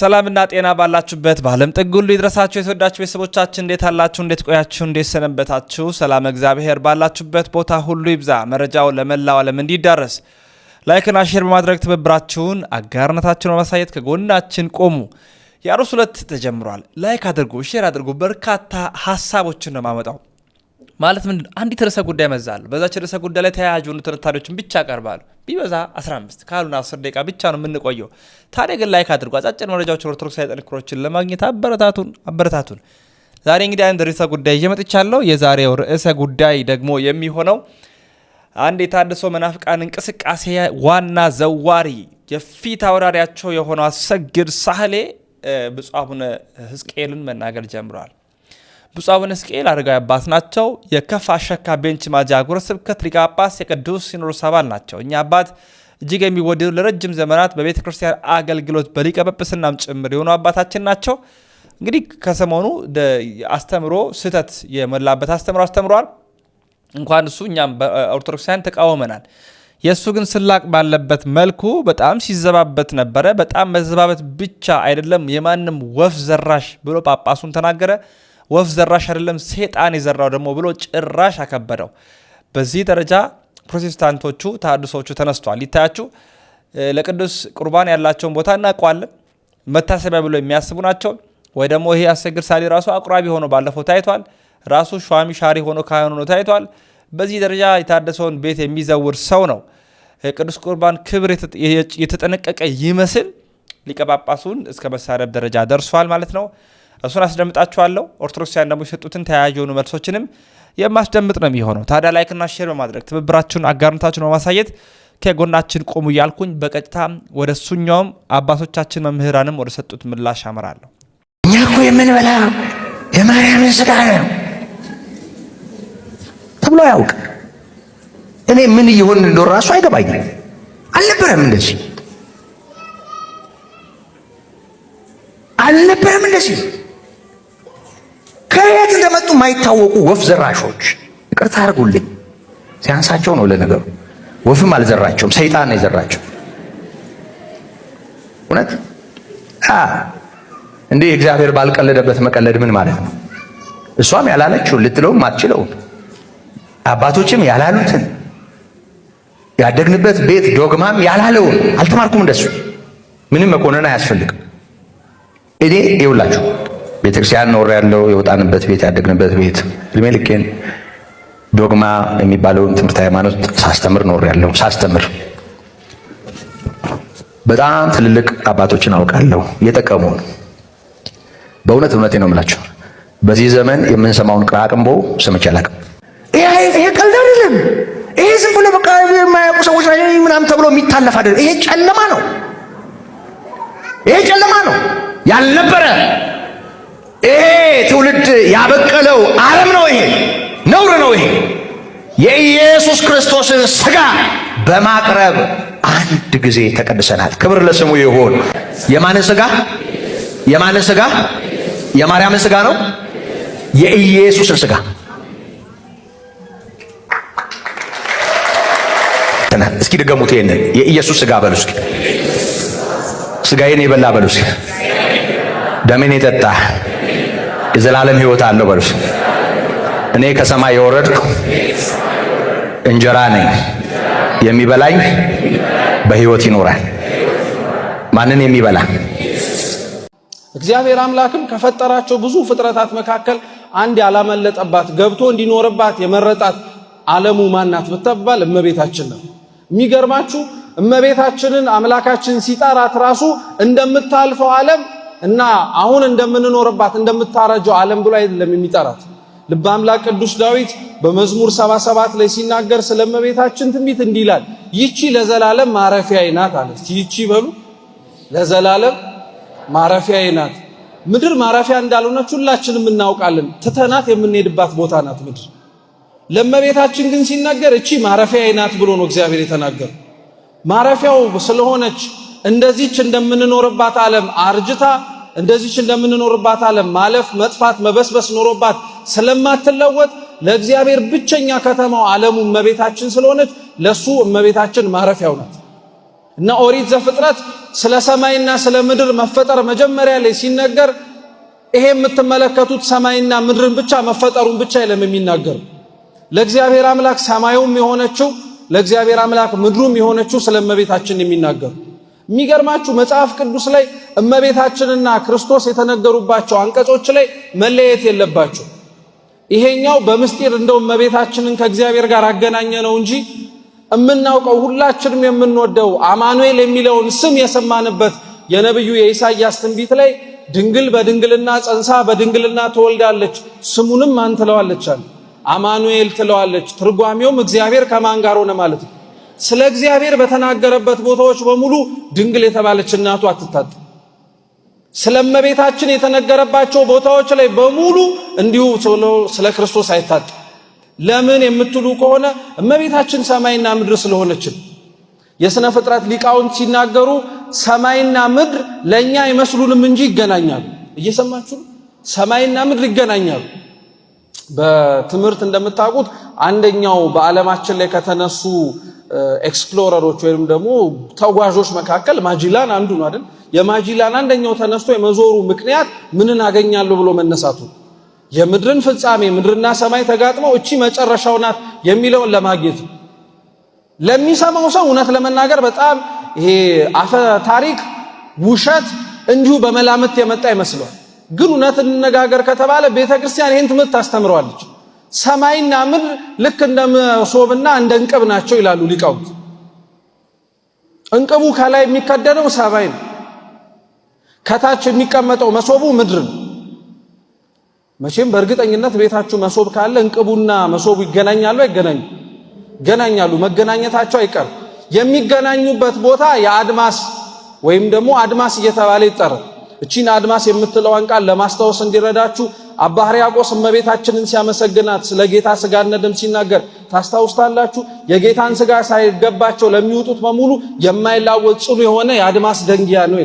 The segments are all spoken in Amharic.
ሰላምና ጤና ባላችሁበት በዓለም ጥግ ሁሉ ይድረሳችሁ። የተወዳችሁ ቤተሰቦቻችን እንዴት አላችሁ? እንዴት ቆያችሁ? እንዴት ሰነበታችሁ? ሰላም እግዚአብሔር ባላችሁበት ቦታ ሁሉ ይብዛ። መረጃው ለመላው ዓለም እንዲዳረስ ላይክና ሼር በማድረግ ትብብራችሁን አጋርነታችሁን በማሳየት ከጎናችን ቆሙ። የአሮስ ሁለት ተጀምሯል። ላይክ አድርጉ፣ ሼር አድርጉ። በርካታ ሀሳቦችን ነው የማመጣው ማለት ምንድን ነው? አንዲት ርዕሰ ጉዳይ መዛሉ። በዛች ርዕሰ ጉዳይ ላይ ተያያዥ የሆኑ ትንታኔዎችን ብቻ ቀርባሉ። ቢበዛ 15 ካሉን 10 ደቂቃ ብቻ ነው የምንቆየው። ታዲያ ግን ላይክ አድርጉ። አጫጭር መረጃዎችን ኦርቶዶክሳዊ ጥንክሮችን ለማግኘት አበረታቱን፣ አበረታቱን። ዛሬ እንግዲህ አንድ ርዕሰ ጉዳይ ይዤ መጥቻለሁ። የዛሬው ርዕሰ ጉዳይ ደግሞ የሚሆነው አንድ የታደሶ መናፍቃን እንቅስቃሴ ዋና ዘዋሪ የፊት አውራሪያቸው የሆነው አሰግድ ሳህሌ ብፁዕ አቡነ ሕዝቅኤልን መናገር ጀምረዋል። ብፁዕ አቡነ ሕዝቅኤል አረጋዊ አባት ናቸው። የከፋ ሸካ ቤንች ማጂ አህጉረ ስብከት ሊቀ ጳጳስ የቅዱስ ሲኖዶስ አባል ናቸው። እኛ አባት እጅግ የሚወደዱ ለረጅም ዘመናት በቤተ ክርስቲያን አገልግሎት በሊቀ ጵጵስናም ጭምር የሆኑ አባታችን ናቸው። እንግዲህ ከሰሞኑ አስተምሮ ስህተት የሞላበት አስተምሮ አስተምሯል። እንኳን እሱ እኛም በኦርቶዶክሳውያን ተቃወመናል። የእሱ ግን ስላቅ ባለበት መልኩ በጣም ሲዘባበት ነበረ። በጣም መዘባበት ብቻ አይደለም የማንም ወፍ ዘራሽ ብሎ ጳጳሱን ተናገረ። ወፍ ዘራሽ አይደለም ሴጣን የዘራው ደግሞ ብሎ ጭራሽ አከበደው። በዚህ ደረጃ ፕሮቴስታንቶቹ ተሐድሶቹ ተነስቷል። ይታያችሁ ለቅዱስ ቁርባን ያላቸውን ቦታ እናውቀዋለን። መታሰቢያ ብሎ የሚያስቡ ናቸው። ወይ ደግሞ ይሄ አስቸግር ሳሊ ራሱ አቁራቢ ሆኖ ባለፈው ታይቷል። ራሱ ሿሚ ሻሪ ሆኖ ካህን ሆኖ ታይቷል። በዚህ ደረጃ የታደሰውን ቤት የሚዘውር ሰው ነው። ቅዱስ ቁርባን ክብር የተጠነቀቀ ይመስል ሊቀጳጳሱን እስከ መሳደብ ደረጃ ደርሷል ማለት ነው። እሱን አስደምጣችኋለሁ። ኦርቶዶክሳውያን ደግሞ የሰጡትን ተያያዥ የሆኑ መልሶችንም የማስደምጥ ነው የሚሆነው። ታዲያ ላይክና ሼር በማድረግ ትብብራችሁን፣ አጋርነታችሁን በማሳየት ከጎናችን ቆሙ እያልኩኝ በቀጥታ ወደ እሱኛውም አባቶቻችን መምህራንም ወደ ሰጡት ምላሽ አምራለሁ። እኛ እኮ የምንበላ የማርያምን ስጋ ነው ተብሎ አያውቅ። እኔ ምን እየሆን እንደሆነ ራሱ አይገባኝም። አልነበረም እንደዚህ አልነበረም እንደዚህ ከየት እንደመጡ የማይታወቁ ወፍ ዘራሾች ይቅርታ አድርጉልኝ፣ ሲያንሳቸው ነው። ለነገሩ ወፍም አልዘራቸውም፣ ሰይጣን ነው የዘራቸው። እውነት እንዲህ እግዚአብሔር ባልቀለደበት መቀለድ ምን ማለት ነው? እሷም ያላለችውን ልትለውም አትችለውም። አባቶችም ያላሉትን ያደግንበት ቤት ዶግማም ያላለውን አልተማርኩም። እንደሱ ምንም መኮንን አያስፈልግም። እኔ ይውላችሁ ቤተክርስቲያን ኖር ያለው የወጣንበት ቤት ያደግንበት ቤት እድሜ ልኬን ዶግማ የሚባለውን ትምህርት ሃይማኖት ሳስተምር ኖር ያለው ሳስተምር በጣም ትልልቅ አባቶችን አውቃለሁ የጠቀሙን በእውነት እውነቴ ነው የምላቸው። በዚህ ዘመን የምንሰማውን ቅራቅንቦ ሰምቼ አላውቅም። ይሄ ቀልድ አይደለም። ይሄ ዝም ብሎ በቃ የማያውቁ ሰዎች ምናምን ተብሎ የሚታለፍ አይደለም። ይሄ ጨለማ ነው። ይሄ ጨለማ ነው ያልነበረ ይሄ ትውልድ ያበቀለው አረም ነው። ይሄ ነውር ነው። ይሄ የኢየሱስ ክርስቶስን ሥጋ በማቅረብ አንድ ጊዜ ተቀድሰናል። ክብር ለስሙ ይሁን። የማንን ሥጋ? የማንን ሥጋ? የማርያምን ሥጋ ነው። የኢየሱስን ሥጋ እስኪ ድገሙት። ይሄንን የኢየሱስ ሥጋ በሉ እስኪ። ሥጋዬን የበላ በሉ እስኪ። ደሜን የጠጣ የዘላለም ህይወት አለው በሉት። እኔ ከሰማይ የወረድኩ እንጀራ ነኝ። የሚበላኝ በህይወት ይኖራል። ማንን የሚበላ? እግዚአብሔር አምላክም ከፈጠራቸው ብዙ ፍጥረታት መካከል አንድ ያላመለጠባት ገብቶ እንዲኖርባት የመረጣት ዓለሙ ማናት ብትባል እመቤታችን ነው። የሚገርማችሁ እመቤታችንን አምላካችን ሲጠራት ራሱ እንደምታልፈው ዓለም እና አሁን እንደምንኖርባት እንደምታረጀው ዓለም ብሎ አይደለም የሚጠራት። ልበ አምላክ ቅዱስ ዳዊት በመዝሙር 77 ላይ ሲናገር ስለመቤታችን ትንቢት እንዲህ ይላል፣ ይቺ ለዘላለም ማረፊያዬ ናት አለች። ይቺ በሉ ለዘላለም ማረፊያዬ ናት። ምድር ማረፊያ እንዳልሆነች ሁላችንም እናውቃለን። ትተናት የምንሄድባት ቦታ ናት ምድር። ለመቤታችን ግን ሲናገር እቺ ማረፊያዬ ናት ብሎ ነው እግዚአብሔር የተናገረው። ማረፊያው ስለሆነች እንደዚች እንደምንኖርባት ዓለም አርጅታ እንደዚች እንደምንኖርባት ዓለም ማለፍ፣ መጥፋት፣ መበስበስ ኖሮባት ስለማትለወጥ ለእግዚአብሔር ብቸኛ ከተማው ዓለሙ እመቤታችን ስለሆነች ለሱ እመቤታችን ማረፊያው ናት እና ኦሪት ዘፍጥረት ስለ ሰማይና ስለ ምድር መፈጠር መጀመሪያ ላይ ሲነገር ይሄ የምትመለከቱት ሰማይና ምድርን ብቻ መፈጠሩን ብቻ አይለም የሚናገሩ ለእግዚአብሔር አምላክ ሰማዩም የሆነችው ለእግዚአብሔር አምላክ ምድሩም የሆነችው ስለ እመቤታችን የሚናገሩ የሚገርማችሁ መጽሐፍ ቅዱስ ላይ እመቤታችንና ክርስቶስ የተነገሩባቸው አንቀጾች ላይ መለየት የለባቸው። ይሄኛው በምስጢር እንደው እመቤታችንን ከእግዚአብሔር ጋር አገናኘ ነው እንጂ እምናውቀው ሁላችንም የምንወደው አማኑኤል የሚለውን ስም የሰማንበት የነቢዩ የኢሳይያስ ትንቢት ላይ ድንግል በድንግልና ጸንሳ በድንግልና ትወልዳለች፣ ስሙንም ማን ትለዋለች? አማኑኤል ትለዋለች። ትርጓሜውም እግዚአብሔር ከማን ጋር ሆነ ማለት ነው። ስለ እግዚአብሔር በተናገረበት ቦታዎች በሙሉ ድንግል የተባለች እናቱ አትታጥ። ስለ እመቤታችን የተነገረባቸው ቦታዎች ላይ በሙሉ እንዲሁ ስለ ክርስቶስ አይታጥ። ለምን የምትሉ ከሆነ እመቤታችን ሰማይና ምድር ስለሆነችን የሥነ ፍጥረት ሊቃውንት ሲናገሩ ሰማይና ምድር ለእኛ አይመስሉንም እንጂ ይገናኛሉ። እየሰማችሁ ሰማይና ምድር ይገናኛሉ። በትምህርት እንደምታውቁት አንደኛው በዓለማችን ላይ ከተነሱ ኤክስፕሎረሮች ወይም ደግሞ ተጓዦች መካከል ማጂላን አንዱ ነው አይደል? የማጂላን አንደኛው ተነስቶ የመዞሩ ምክንያት ምንን አገኛለሁ ብሎ መነሳቱ የምድርን ፍጻሜ ምድርና ሰማይ ተጋጥመው እቺ መጨረሻው ናት የሚለውን ለማግኘት ለሚሰማው ሰው እውነት ለመናገር በጣም ይሄ አፈ ታሪክ ውሸት እንዲሁ በመላምት የመጣ ይመስለዋል። ግን እውነት እንነጋገር ከተባለ ቤተክርስቲያን ይህን ትምህርት ታስተምረዋለች። ሰማይና ምድር ልክ እንደ መሶብና እንደ እንቅብ ናቸው ይላሉ ሊቃውንት። እንቅቡ ከላይ የሚከደነው ሰማይ ነው፣ ከታች የሚቀመጠው መሶቡ ምድር ነው። መቼም በእርግጠኝነት ቤታችሁ መሶብ ካለ እንቅቡና መሶቡ ይገናኛሉ? አይገናኙ? ይገናኛሉ። መገናኘታቸው አይቀርም። የሚገናኙበት ቦታ የአድማስ ወይም ደግሞ አድማስ እየተባለ ይጠራል። እቺን አድማስ የምትለዋን ቃል ለማስታወስ እንዲረዳችሁ አባ ሕርያቆስ እመቤታችንን ሲያመሰግናት ስለ ጌታ ስጋና ደም ሲናገር ታስታውስታላችሁ። የጌታን ስጋ ሳይገባቸው ለሚውጡት በሙሉ የማይላወጥ ጽኑ የሆነ የአድማስ ደንጊያ ነው።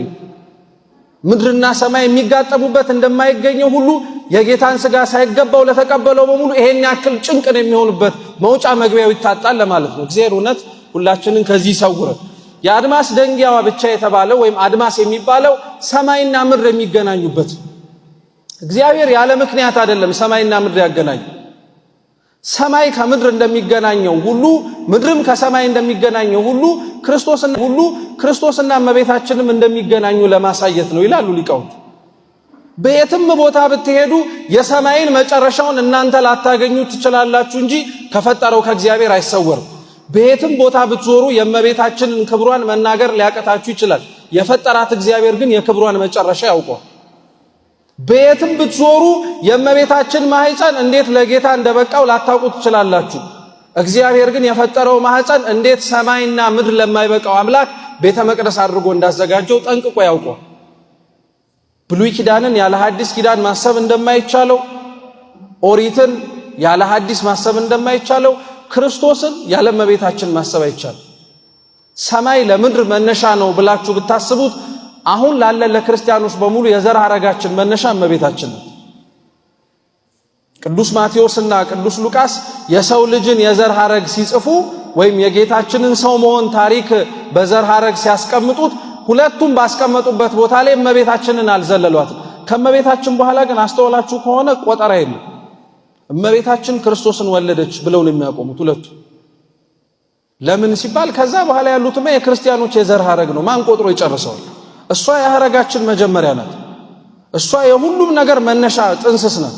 ምድርና ሰማይ የሚጋጠሙበት እንደማይገኘው ሁሉ የጌታን ስጋ ሳይገባው ለተቀበለው በሙሉ ይሄን ያክል ጭንቅን የሚሆንበት መውጫ መግቢያው ይታጣል ለማለት ነው። እግዚአብሔር እውነት ሁላችንን ከዚህ ይሰውረ የአድማስ ደንጊያዋ ብቻ የተባለው ወይም አድማስ የሚባለው ሰማይና ምድር የሚገናኙበት እግዚአብሔር ያለ ምክንያት አይደለም ሰማይና ምድር ያገናኘው። ሰማይ ከምድር እንደሚገናኘው ሁሉ ምድርም ከሰማይ እንደሚገናኘው ሁሉ ክርስቶስና ሁሉ ክርስቶስና እመቤታችንም እንደሚገናኙ ለማሳየት ነው ይላሉ ሊቃውንት። በየትም ቦታ ብትሄዱ የሰማይን መጨረሻውን እናንተ ላታገኙ ትችላላችሁ እንጂ ከፈጠረው ከእግዚአብሔር አይሰወርም። በየትም ቦታ ብትዞሩ የእመቤታችንን ክብሯን መናገር ሊያቀታችሁ ይችላል። የፈጠራት እግዚአብሔር ግን የክብሯን መጨረሻ ያውቀዋል። በየትም ብትዞሩ የእመቤታችን ማህፀን እንዴት ለጌታ እንደበቃው ላታውቁ ትችላላችሁ። እግዚአብሔር ግን የፈጠረው ማህፀን እንዴት ሰማይና ምድር ለማይበቃው አምላክ ቤተ መቅደስ አድርጎ እንዳዘጋጀው ጠንቅቆ ያውቋል። ብሉይ ኪዳንን ያለ ሐዲስ ኪዳን ማሰብ እንደማይቻለው፣ ኦሪትን ያለ ሐዲስ ማሰብ እንደማይቻለው፣ ክርስቶስን ያለ እመቤታችን ማሰብ አይቻልም። ሰማይ ለምድር መነሻ ነው ብላችሁ ብታስቡት አሁን ላለ ለክርስቲያኖች በሙሉ የዘር ሐረጋችን መነሻ እመቤታችን ነው። ቅዱስ ማቴዎስና ቅዱስ ሉቃስ የሰው ልጅን የዘር ሐረግ ሲጽፉ ወይም የጌታችንን ሰው መሆን ታሪክ በዘር ሐረግ ሲያስቀምጡት ሁለቱም ባስቀመጡበት ቦታ ላይ እመቤታችንን አልዘለሏትም። ከእመቤታችን በኋላ ግን አስተውላችሁ ከሆነ ቆጠራ የለም። እመቤታችን ክርስቶስን ወለደች ብለው ነው የሚያቆሙት ሁለቱ። ለምን ሲባል ከዛ በኋላ ያሉትማ የክርስቲያኖች የዘር ሐረግ ነው። ማን ቆጥሮ ይጨርሰዋል? እሷ የሀረጋችን መጀመሪያ ናት። እሷ የሁሉም ነገር መነሻ ጥንስስ ናት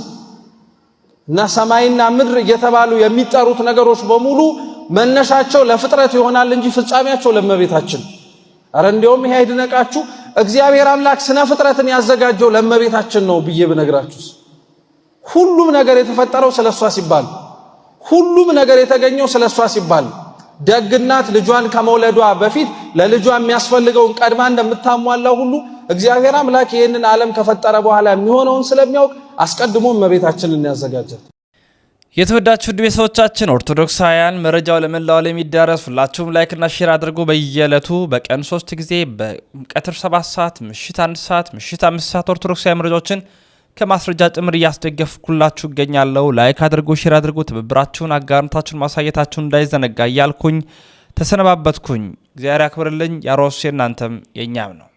እና ሰማይና ምድር እየተባሉ የሚጠሩት ነገሮች በሙሉ መነሻቸው ለፍጥረት ይሆናል እንጂ ፍጻሜያቸው ለእመቤታችን። አረ እንዲያውም ይሄ አይድነቃችሁ፣ እግዚአብሔር አምላክ ስነ ፍጥረትን ያዘጋጀው ለእመቤታችን ነው ብዬ ብነግራችሁስ። ሁሉም ነገር የተፈጠረው ስለ እሷ ሲባል፣ ሁሉም ነገር የተገኘው ስለ እሷ ሲባል ደግናት ልጇን ከመውለዷ በፊት ለልጇ የሚያስፈልገውን ቀድማ እንደምታሟላው ሁሉ እግዚአብሔር አምላክ ይህንን ዓለም ከፈጠረ በኋላ የሚሆነውን ስለሚያውቅ አስቀድሞ እመቤታችንን ያዘጋጃል። የተወዳችሁ ውድ ቤተሰቦቻችን ኦርቶዶክሳውያን መረጃው ለመላው ዓለም ይዳረስ። ሁላችሁም ላይክና ሼር አድርጉ። በየዕለቱ በቀን ሶስት ጊዜ በቀትር ሰባት ሰዓት፣ ምሽት አንድ ሰዓት፣ ምሽት አምስት ሰዓት ኦርቶዶክሳዊ መረጃዎችን ከማስረጃ ጭምር እያስደገፍኩላችሁ እገኛለሁ። ላይክ አድርጎ፣ ሼር አድርጎ ትብብራችሁን አጋርነታችሁን ማሳየታችሁን እንዳይዘነጋ እያልኩኝ ተሰነባበትኩኝ። እግዚአብሔር ያክብርልኝ። ያሮስ የእናንተም የእኛም ነው።